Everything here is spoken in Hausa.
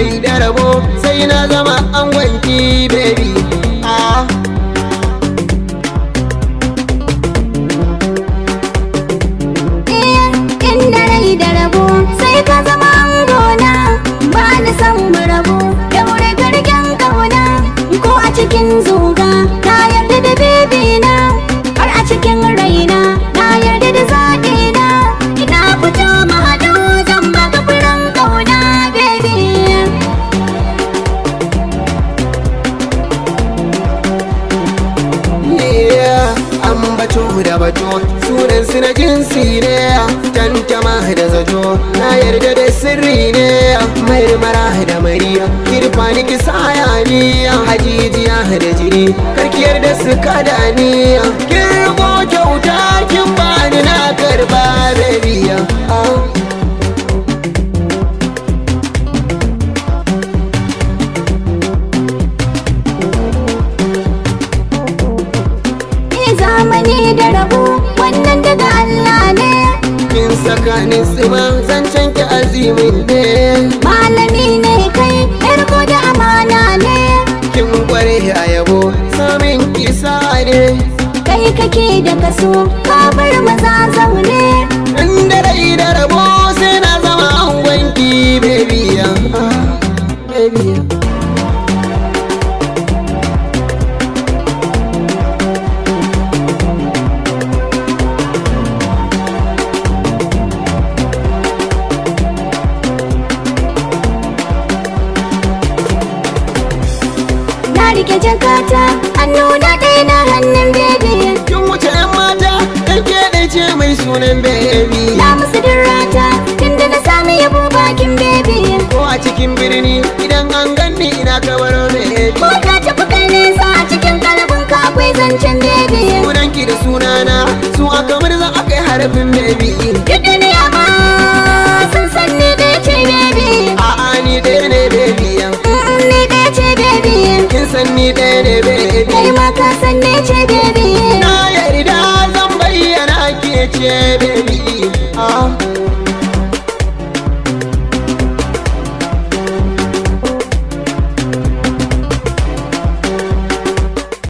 bai da rabo sai na zama an wanki baby batu da batu sunan su na jinsi ne tantama da zato na yarda da sirri ne ya. mara da mariya kirfa ni kisa hayaniya hajijiya da jiri karkiyar da su kada tsakanin ba zan canke azimin ne malami ne kai yar da amana ne kin kware a yabo samin kisa ne kai kake da kaso ka bar maza zaune inda rai da rabo sai na zama an gwanki, baby ah, baby ah. rike jakata hannu nuna na hannun bebe kin wuce yan mata ɗan keɗe ce mai sunan bebe na musu rata tunda na sami yabo bakin bebe ko a cikin birni idan an ganni ina kawar bebe ko ka tafi kalle sa a cikin kalbin ka akwai zancen bebe sunan ki da sunana su a kamar za a kai harafin bebe san ni ɗaya ne baby kai ma ka san ne ce baby na yarda zan bayyana ke ce